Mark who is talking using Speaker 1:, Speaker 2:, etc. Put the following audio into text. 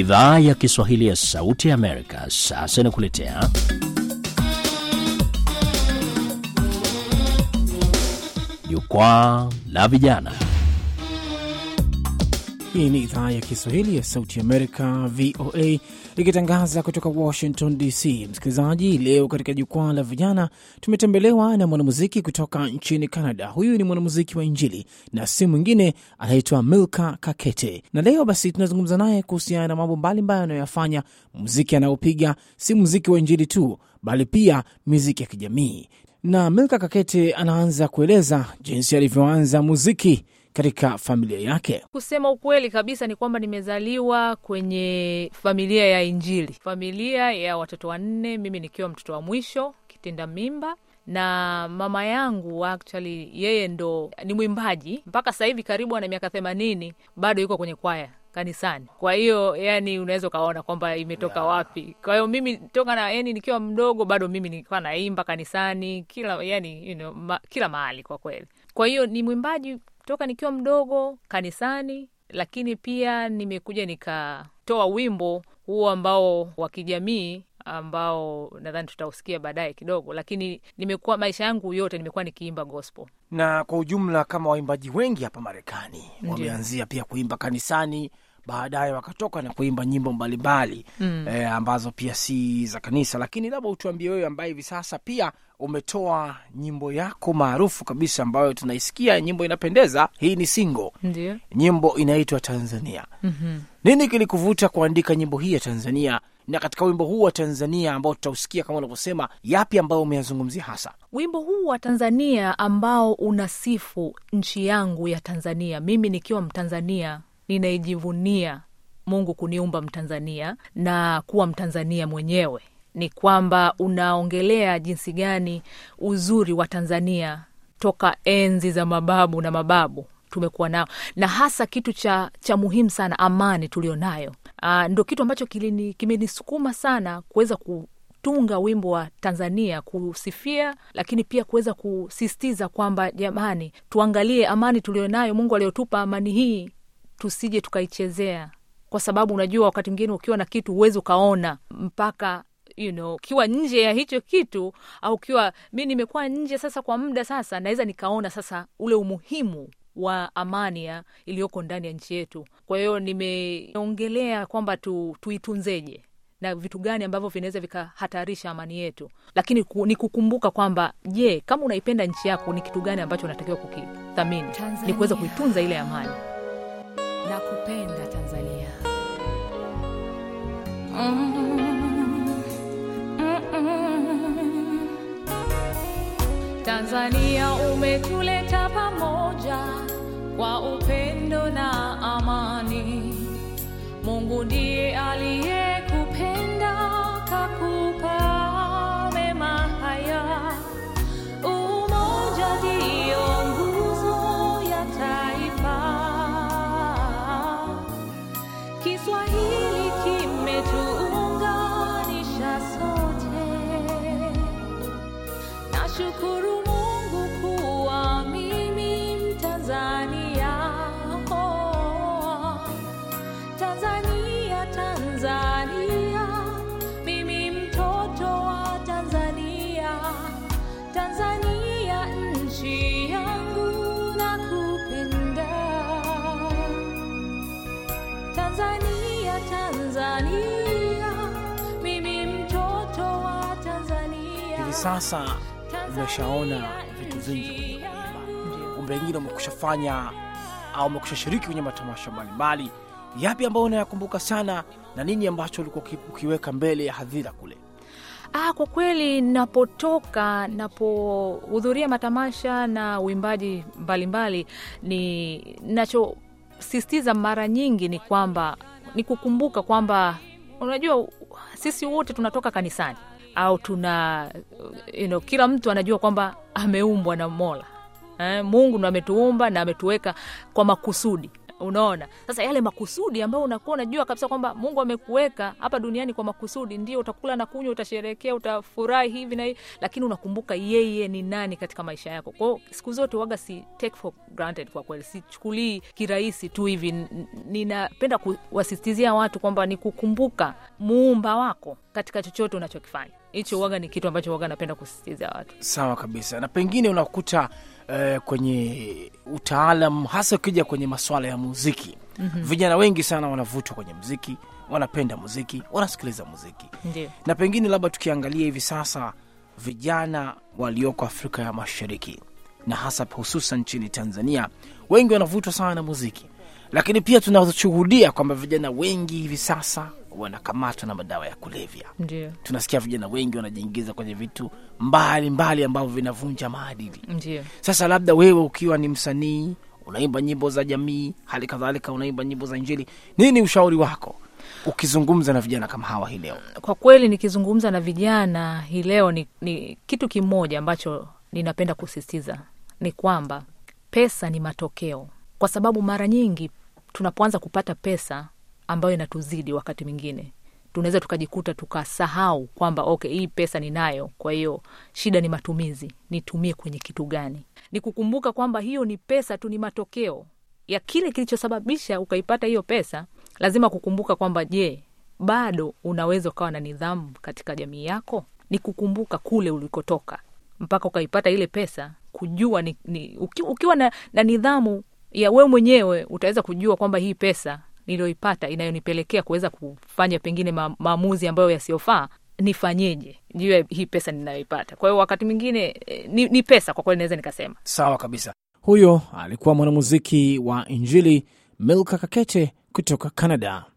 Speaker 1: Idhaa ya Kiswahili ya Sauti ya Amerika sasa inakuletea Jukwaa la Vijana. Hii ni idhaa ya Kiswahili ya Sauti ya Amerika, VOA, likitangaza kutoka Washington DC. Msikilizaji, leo katika jukwaa la vijana tumetembelewa na mwanamuziki kutoka nchini Canada. Huyu ni mwanamuziki wa Injili na si mwingine anaitwa Milka Kakete, na leo basi tunazungumza naye kuhusiana na mambo mbalimbali anayoyafanya. Muziki anayopiga si muziki wa Injili tu, bali pia muziki ya kijamii, na Milka Kakete anaanza kueleza jinsi alivyoanza muziki katika familia yake.
Speaker 2: Kusema ukweli kabisa ni kwamba nimezaliwa kwenye familia ya Injili, familia ya watoto wanne, mimi nikiwa mtoto wa mwisho kitinda mimba na mama yangu actually yeye ndo ni mwimbaji mpaka sasa hivi, karibu ana miaka themanini, bado yuko kwenye kwaya kanisani. Kwa hiyo yani, unaweza ukaona kwamba imetoka yeah, wapi. Kwa hiyo mimi toka na yani, nikiwa mdogo bado mimi nilikuwa naimba kanisani kila yani, you know, ma, kila mahali kwa kweli. Kwa hiyo ni mwimbaji toka nikiwa mdogo kanisani, lakini pia nimekuja nikatoa wimbo huo ambao wa kijamii ambao nadhani tutausikia baadaye kidogo, lakini nimekuwa maisha yangu yote nimekuwa nikiimba gospel
Speaker 1: na kwa ujumla, kama waimbaji wengi hapa Marekani wameanzia pia kuimba kanisani baadaye wakatoka na kuimba nyimbo mbalimbali mm. E, ambazo pia si za kanisa. Lakini labda utuambie wewe, ambaye hivi sasa pia umetoa nyimbo yako maarufu kabisa ambayo tunaisikia, nyimbo inapendeza. Hii ni single, nyimbo inaitwa Tanzania. mm -hmm. Nini kilikuvuta kuandika nyimbo hii ya Tanzania na katika wimbo huu wa Tanzania ambao tutausikia kama unavyosema, yapi ambayo umeyazungumzia hasa
Speaker 2: wimbo huu wa Tanzania ambao unasifu nchi yangu ya Tanzania? Mimi nikiwa Mtanzania ninaijivunia Mungu kuniumba Mtanzania na kuwa Mtanzania mwenyewe. Ni kwamba unaongelea jinsi gani uzuri wa Tanzania toka enzi za mababu na mababu tumekuwa nao, na hasa kitu cha, cha muhimu sana, amani tulionayo Ah, ndo kitu ambacho kimenisukuma sana kuweza kutunga wimbo wa Tanzania, kusifia lakini pia kuweza kusistiza kwamba jamani, tuangalie amani tulionayo, Mungu aliotupa amani hii, tusije tukaichezea, kwa sababu unajua wakati mwingine ukiwa na kitu huwezi ukaona mpaka you know, ukiwa nje ya hicho kitu au ukiwa mi nimekuwa nje sasa kwa muda sasa, naweza nikaona sasa ule umuhimu wa amani iliyoko ndani ya nchi yetu. Kwa hiyo nimeongelea kwamba tu, tuitunzeje na vitu gani ambavyo vinaweza vikahatarisha amani yetu, lakini ku, ni kukumbuka kwamba je, kama unaipenda nchi yako ni kitu gani ambacho unatakiwa kukithamini? Ni kuweza kuitunza ile amani.
Speaker 3: Nakupenda Tanzania. mm-hmm. Tanzania umetuleta pamoja kwa upendo na amani. Mungu ndiye aliyekupenda kaku Tanzania, Tanzania, mimi mtoto wa Tanzania, Tanzania nchi yangu Tanzania, Tanzania, mimi mtoto wa Tanzania. Hivi sasa
Speaker 1: umeshaona vitu vingi, kumbe wengine umekushafanya au umekushashiriki kwenye matamasha mbalimbali yapi ambayo unayakumbuka sana na nini ambacho ulikuwa ukiweka mbele ya hadhira kule?
Speaker 2: Ah, kwa kweli napotoka napohudhuria matamasha na uimbaji mbalimbali, ni mara nyingi ni kwamba ni kukumbuka kwamba unajua sisi wote tunatoka kanisani au tuna you know, kila mtu anajua kwamba ameumbwa na Mola eh, Mungu ndo ametuumba na ametuweka kwa makusudi unaona sasa yale makusudi ambayo unakuwa unajua kabisa kwamba mungu amekuweka hapa duniani kwa makusudi ndio utakula na kunywa utasherekea utafurahi hivi na hivi lakini unakumbuka yeye ni nani katika maisha yako kwao siku zote waga si take for granted kwa kweli sichukulii kirahisi tu hivi ninapenda kuwasistizia watu kwamba ni kukumbuka muumba wako katika chochote unachokifanya. Hicho waga ni kitu ambacho waga napenda kusisitiza watu.
Speaker 1: Sawa kabisa, na pengine unakuta eh, kwenye utaalam hasa ukija kwenye masuala ya muziki mm -hmm. Vijana wengi sana wanavutwa kwenye mziki wanapenda muziki, wanasikiliza muziki Ndiyo. na pengine labda tukiangalia hivi sasa vijana walioko Afrika ya Mashariki na hasa hususan nchini Tanzania, wengi wanavutwa sana na muziki, lakini pia tunashuhudia kwamba vijana wengi hivi sasa wanakamatwa na madawa ya kulevya. Ndiyo. Tunasikia vijana wengi wanajiingiza kwenye vitu mbalimbali ambavyo vinavunja maadili. Sasa labda wewe ukiwa ni msanii unaimba nyimbo za jamii, hali kadhalika unaimba nyimbo za Injili, nini ushauri wako ukizungumza na vijana kama hawa hii leo?
Speaker 2: Kwa kweli nikizungumza na vijana hii leo ni, ni kitu kimoja ambacho ninapenda kusisitiza ni kwamba pesa ni matokeo, kwa sababu mara nyingi tunapoanza kupata pesa ambayo inatuzidi wakati mwingine tunaweza tukajikuta tukasahau kwamba okay, hii pesa ninayo, kwa hiyo shida ni matumizi, nitumie kwenye kitu gani? Ni kukumbuka kwamba hiyo ni pesa tu, ni matokeo ya kile kilichosababisha ukaipata hiyo pesa. Lazima kukumbuka kwamba je, bado unaweza ukawa na nidhamu katika jamii yako? Ni kukumbuka kule ulikotoka mpaka ukaipata ile pesa, kujua ni, ni, uki, ukiwa na, na nidhamu ya we mwenyewe utaweza kujua kwamba hii pesa niliyoipata inayonipelekea kuweza kufanya pengine ma, maamuzi ambayo yasiyofaa nifanyeje juu ya hii pesa ninayoipata. Kwa hiyo wakati mwingine eh, ni, ni pesa kwa kweli, naweza nikasema.
Speaker 1: Sawa kabisa. Huyo alikuwa mwanamuziki wa Injili Milka Kakete kutoka Canada.